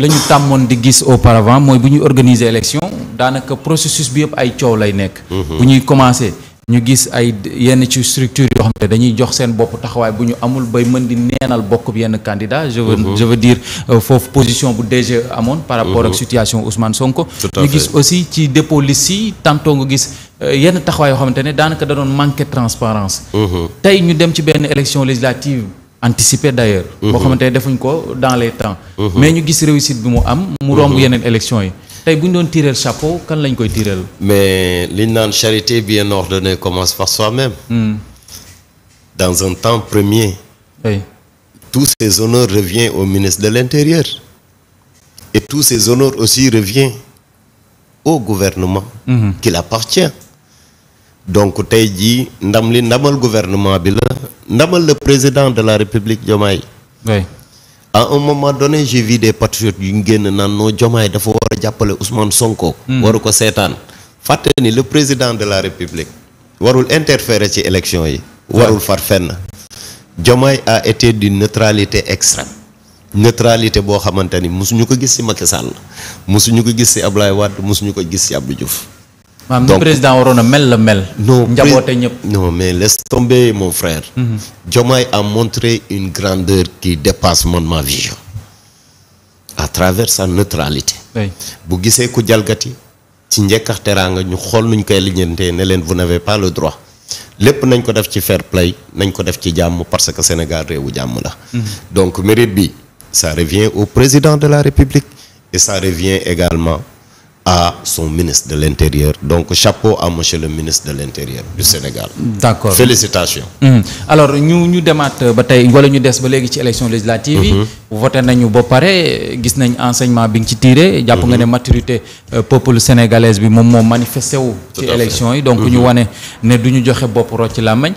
la ñu tàmmoon di gis auparavant mooy bu ñuy organiser élection daanaka processus bi yëpp ay coow lay nekk. Mhm. bu ñuy commencer ñu gis ay yenn ci structure yoo xam ne dañuy jox seen bopp taxawaay bu ñu amul bay mën di neenal bokkub yenn candidat je veux mhm. je veux dire euh, foofu position bu DG amoon. par rapport ak mhm. situation Ousmane Sonko. ñu gis aussi ci dépôt liste yi tantôt nga gis. Euh, yenn taxawaay yoo xamante ne daanaka da doon manqué transparence tey ñu dem ci benn élection anticipé d'ailleurs. Mhm. boo xamante ne defuñ ko dans les temps. Mhm. mais ñu gis réussite bi mu am. mu romb mhm. yeneen élection yi. tey bu ñu doon tiireel chapeau kan lañ koy tiireel. mais li ñu naan charité bien ordonnée commence par soi-même. Hmm. dans un temps premier. oui tous ces honneurs reviennent au ministre de l'Intérieur. et tous ces honneurs aussi reviennent au gouvernement. qu'il appartient. donc tey jii ndam li ndamal gouvernement bi la ndamal la président de la république Diomaye a à un moment donné j'ai vu des patriotes yu ñu génn naan noo Diomaye dafa war a jàppale Ousmane Sonko. Hmm. waru ko seetaan fàtte ni le président de la république warul interférer ci élection yi. warul far fenn. Diomaye a été du neutralité extrême. neutralité boo xamante ni mosuñu ko gis ci Macky Sall mosuñu ko gis ci Ablaye Wade mosuñu ko gis ci Abdou Diouf. maam ni président waroon a mel la mel. njaboote ñëpp. non mais laisse tomber mon frère. Mhm. Diomaye a montré une grandeur qui dépasse mon ma vision. à travers sa neutralité. bu gisee ku jalgati. ci njëkkax teraanga ñu xool nuñ koy lijjantee ne leen vous n'avez pas le droit lépp nañ ko def ci fair play nañ ko def ci jàmm parce que Sénégal réewu jàmm la. Mhm. donc mérite bi ça revient au président de la République. et ça revient également. à son ministre de l'Intérieur. Donc, chapeau à le ministre de l'Intérieur du Sénégal. D'accord. Félicitations. Mmh. Alors, ñu ñu demaat euh, ba tey wala ñu des ba léegi ci élection législative yi mhm. voté nañu ba pare gis nañ enseignement bi nga ci tiré jàpp nga ne mhm. maturité euh, peuple sénégalaise bi moom moom manifesté wu ci élection yi donc mhm. ñu wane ne du ñu joxe bopp rocc làmmañ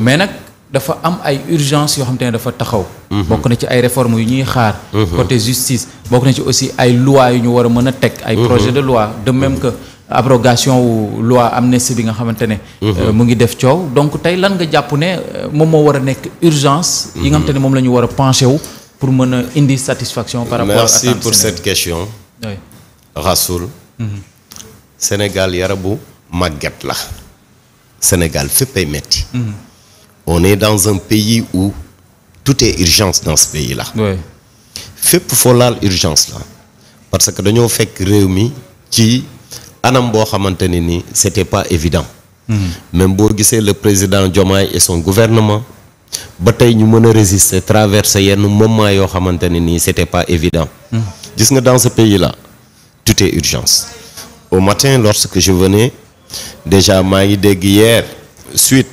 mais nag dafa am ay urgence yoo xam te ne dafa taxaw mhm. bokk na ci ay réformes yu ñuy xaar mhm. côté justice bokk na ci aussi ay loi yu ñu war a mën a teg ay mhm. projet de loi de même que abrogation wu loi amnistie bi nga xamante ne euh, mu ngi def coow donc tey lan nga jàpp ne euh, moom moo war a nekk urgence yi nga xamante moom la ñu war a penché wu pour mën a indi satisfaction par rapport merci à pour cette question oui. Rassoul mm màgget la Sénégal fépp ay metti on dans un pays où tout est urgence dans ce pays fépp foo laal urgence la parce que dañoo fekk réew mi ci anam boo xamante ne ni c'était pas évident. Mmh. même boo gisee le président Diomaye et son gouvernement ba tey ñu mën a résister traverser yenn moment yoo xamante ne nii c'était pas évident. Hmm. gis nga dans ce pays-là tout est urgence. au matin lorsque je déjà maa ngi dégg hier suite.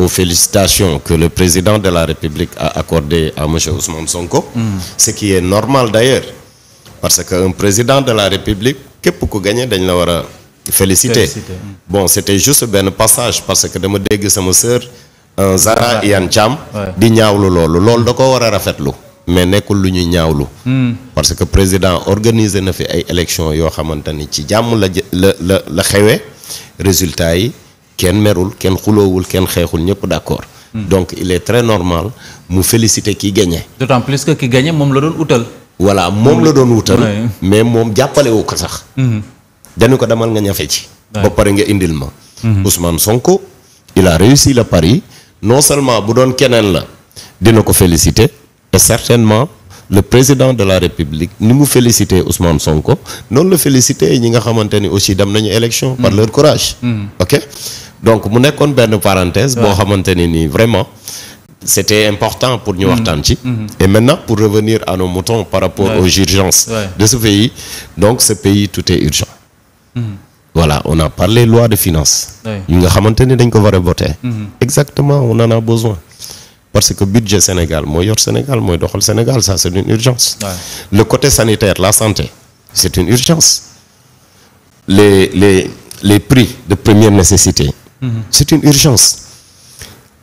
aux félicitations que le président de la République a accordées à monsieur Ousmane Sonko. Mmh. ce qui est normal d'ailleurs parce que un président de la République képp ko gagné dañ la war a féliciter mm. bon c'était juste benn passage parce que dama dégg sama sœur mm. Zara yan Thiam di ñaawlu loolu loolu da ko war a rafetlu mais nekkul lu ñuy ñaawlu mm. parce que président organiser na fi ay élections yoo xamante ni ci jàmm la la la la xewee résultat yi kenn merul kenn xuloowul kenn xeexul ñëpp d'accord. Hmm. donc il est très normal mu féliciter ki gagné. d'autant plus que moom la doon utal. voilà moom la doon wutal mais moom jàppale ko sax. Hmm. dañu ko demal nga ñafe ci. ba pare nga indil ma. Hmm. Ousmane Sonko il a réussi le pari non seulement bu doon keneen la dina ko féliciter et certainement le président de la République ni mu féliciter Ousmane Sonko noonu la féliciter ñi nga xamante ni aussi dem nañu élection. par leur courage. ok donc mu nekkoon benn parenthèse boo xamante ni nii vraiment c'était important pour ñu mm-hmm. waxtaan ci mm-hmm. et maintenant pour revenir à nos moutons par rapport ouais. aux urgences de ce pays donc ce pays tout est urgent mmh. voilà on a parlé loi de finance nga xamante ne dañ ko war a voter mm-hmm. exactement on en a besoin parce que budget Sénégal mooy yor Sénégal mooy doxal Sénégal ça c'est une urgence ouais. le côté sanitaire la santé c'est une urgence les les les prix de première nécessité Mhm. c'est une urgence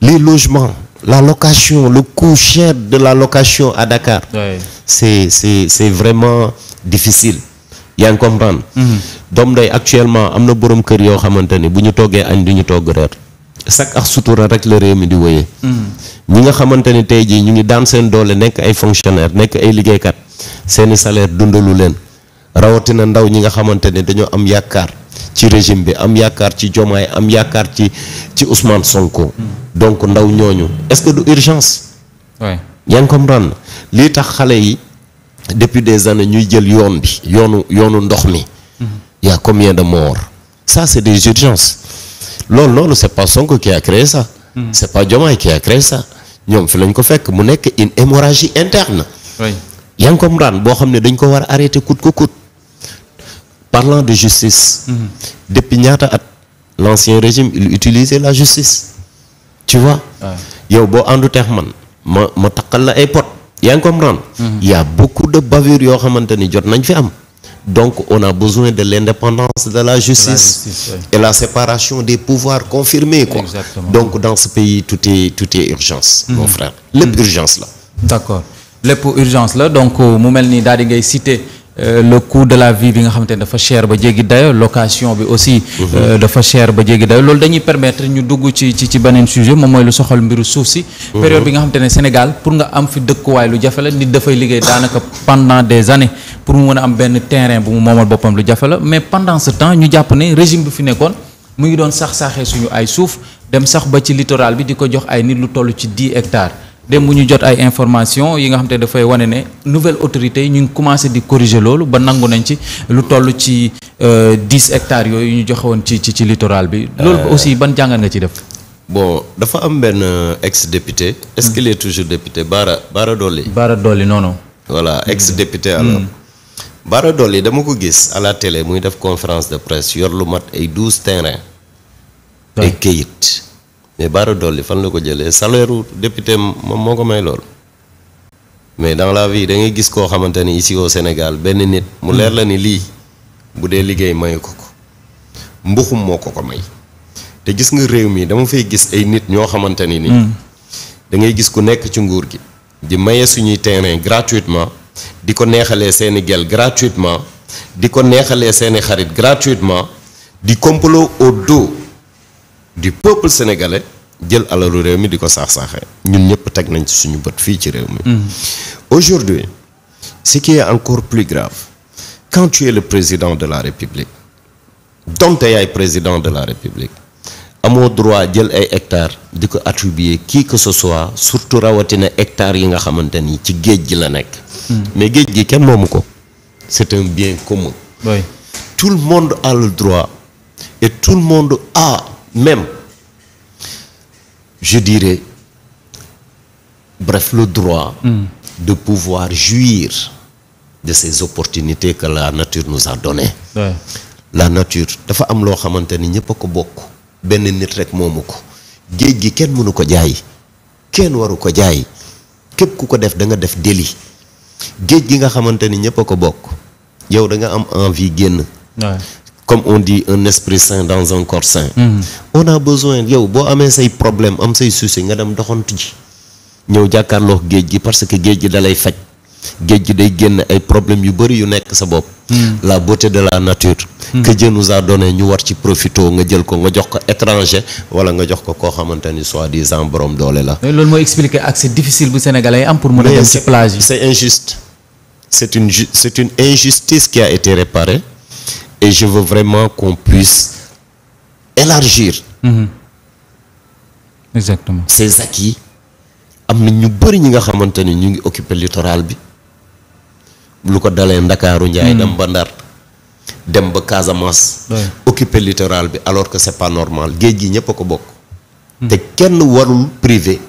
les logements la location le coût cher de la location à Dakar ouais. c'est c'est c'est vraiment difficile yaa ngi comprendre mhm. doom day actuellement am na boroom kër yoo xamante ni bu ñu toggee añ du ñu togg reer sak ak sutura rek la réew mi di wéyee mhm. ñi nga xamante ni tey jii ñu ngi daan seen doole nekk ay fonctionnaire nekk ay liggéeykat seeni salaire dundalu leen rawatina ndaw ñi nga xamante ne dañoo am yaakaar ci régime bi am yaakaar ci Diomaye am yaakaar ci ci Ousmane Sonko. donc ndaw ñooñu est-ce que du urgence. oui yaa lii tax xale yi depuis des années ñuy jël yoon bi yoonu yoonu ndox mi. Mm-hmm. y a combien de morts. ça c'est des urgences loolu loolu c'est pas Sonko ki a créé ça. Mm-hmm. c'est pas Diomaye qui a créé ça. ñoom fi lañ ko fekk mu nekk une hémorragie interne. oui boo xam ne dañ ko war a arrêter coûte que parlant de justice depuis ñaata at l'ancien régime il utilisait la justice tu vois yow boo àndu teex man ma ma taqal la ay pot yaa ngi comprendre mm-hmm. y beaucoup de bavures yoo xamante ni jot nañ fi am donc on a besoin de l'indépendance de la justice, de la justice oui. et la séparation des pouvoirs confirmée quoi Exactement. donc dans ce pays tout est urgence mmh. frère mm-hmm. lépp urgence la donc euh, mu mel ni daal ngay citer Euh, le coût de la vie bi nga xamante ne dafa cher ba jéggi dayo location bi aussi mhm. euh, dafa chair ba jéggi dayo loolu dañuy permettre ñu dugg ci ci ci beneen sujet moom mooy lu soxal mbiru suuf si mhm. période bi nga xamante ne Sénégal pour nga am fi dëkkuwaay lu jafe la nit dafay liggéey daanaka pendant des années pour mu mën a am benn terrain bu mu moomal boppam lu jafe la mais pendant ce temps ñu jàpp ne régime bi fi nekkoon mu ngi doon sax-saaxee suñu ay suuf dem sax ba ci littoral bi di ko jox ay nit lu toll ci 10 hectares démb ñu jot ay information yi nga xam te dafay wane ne nouvelle autorité yi ñu ngi commencé di corriger loolu ba nangu nañ ci lu toll ci euh, dix hectares yooyu ñu joxe woon ci ci ci littoral bi. Euh, loolu aussi ban jàngat nga ci def. bon dafa am benn euh, ex député. est-ce qu'il est toujours député Bara Bara Dolly. Bara Dolly non non. ex député mm. alors. Mm. Bara Dolly dama ko gis à télé muy def conférence de presse yor lu mat ay douze terrain ay kayit mais Bara Dolly fan la ko jëlee salaire député moom moo ko may loolu mais dans la vie da ngay gis koo xamante ni ici au Sénégal benn nit mu leer la ni lii bu dee liggéey mayu ko ko mbuxum moo ko ko may te gis nga réew mii dama fay gis ay nit ñoo xamante ni ni hmm. da ngay gis ku nekk ci nguur gi di maye suñuy terrain gratuitement di ko neexalee seeni gel gratuitement di ko neexalee seeni xarit gratuitement di complot au du peuple sénégalais jël alalu réew mi di ko saax-saaxee ñun ñëpp teg nañ ci suñu bët fii ci réew mi mm-hmm. aujourd'hui ce qui est encore plus grave quand le président de la république donte yaay président de la république amoo droit jël ay hectares di ko attribuer qui que ce soit surtout rawatina hectares yi nga xamante ni ci géej gi la nekk mm-hmm. mais géej gi kenn moomu ko c'est un bien commun oui. tout le monde a le droit et tout le monde a même je dirais, bref, le droit hmm. de pouvoir jouir de ces opportunités que la nature nous a données. la nature dafa am loo xamante ni ñëpp a ko bokk benn nit rek moomu ko géej gi kenn mënu ko jaay kenn waru ko jaay képp ku ko def da nga def délit géej gi nga xamante ni ñëpp a ko bokk yow da nga am envie génn. comme on di un esprit sain dans un corps sain. Hmm. on a besoin yow boo amee say problème am say soucis nga dem doxantu ji ñëw jàkkaarloo géej gi parce que géej gi da lay faj géej gi day génn ay problèmes yu bëri yu nekk sa bopp. Hmm. la beauté de la nature. Hmm. que Dieu nous a ñu war ci profito nga jël ko nga jox ko étranger wala nga jox ko koo xamante ni soi-disant borom doole la. mais loolu moo expliquer accès difficile bu sénégalais am pour mën a dem ci plage yi. c'est injuste c'est une et je veux vraiment qu'on puisse élargir. Mmh. exactement ces acquis am na ñu bëri ñi nga xamante ni ñu ngi occuper littoral bi lu ko dalee Ndakaaru Njaay mhm. dem ba Ndar dem ba Casamance. occuper littoral bi alors que c'est pas normal géej gi ñëpp a ko bokk. Mhm. te kenn warul privé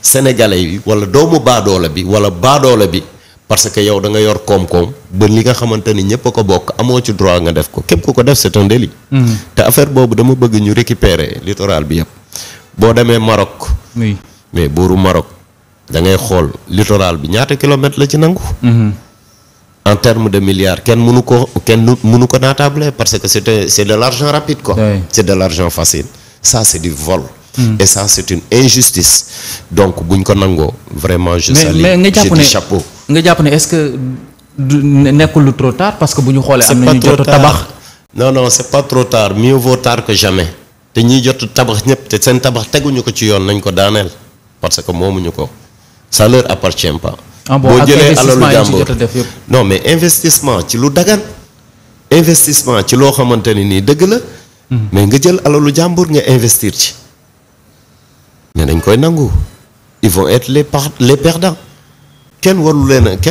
sénégalais bi wala doomu baadoola bi wala baadoole bi. parce que yow da nga yor koom-koom ba li nga xamante ni ñëpp a ko bokk amoo ci droit nga def ko képp ku ko def c'est un délit mm-hmm. te affaire boobu dama bëgg ñu récupérer littoral bi yëpp boo demee Maroc mais buuru Maroc da ngay xool littoral bi ñaata kilomètres la ci nangu mm-hmm. en terme de milliards kenn mënu ko kenn mënu ko naatable parce que c'était c'est de l'argent rapide quoi oui. c'est de l'argent facile ça c'est du vol mm. et ça c'est une injustice donc buñ ko nangoo vraiment je salue nga jàpp ne est-ce que du nekkul lu trop tard parce que bu ñu xoolee. am na ñu jot tabax non non c'est pas trop tard mieux vaut tard que jamais te ñiy jot tabax ñëpp te seen tabax teguñu ko ci yoon nañ ko daaneel parce que moomuñu ko ça leur appartient pas. Ah boo jëlee alalu jàmbur non mais investissement ci lu dagan investissement ci loo xamante ni nii dëgg la. Hmm. mais nga jël alalu jàmbur nga investir ci. mais dañ koy nangu ils vont être les par les perdants. kenn waru leen a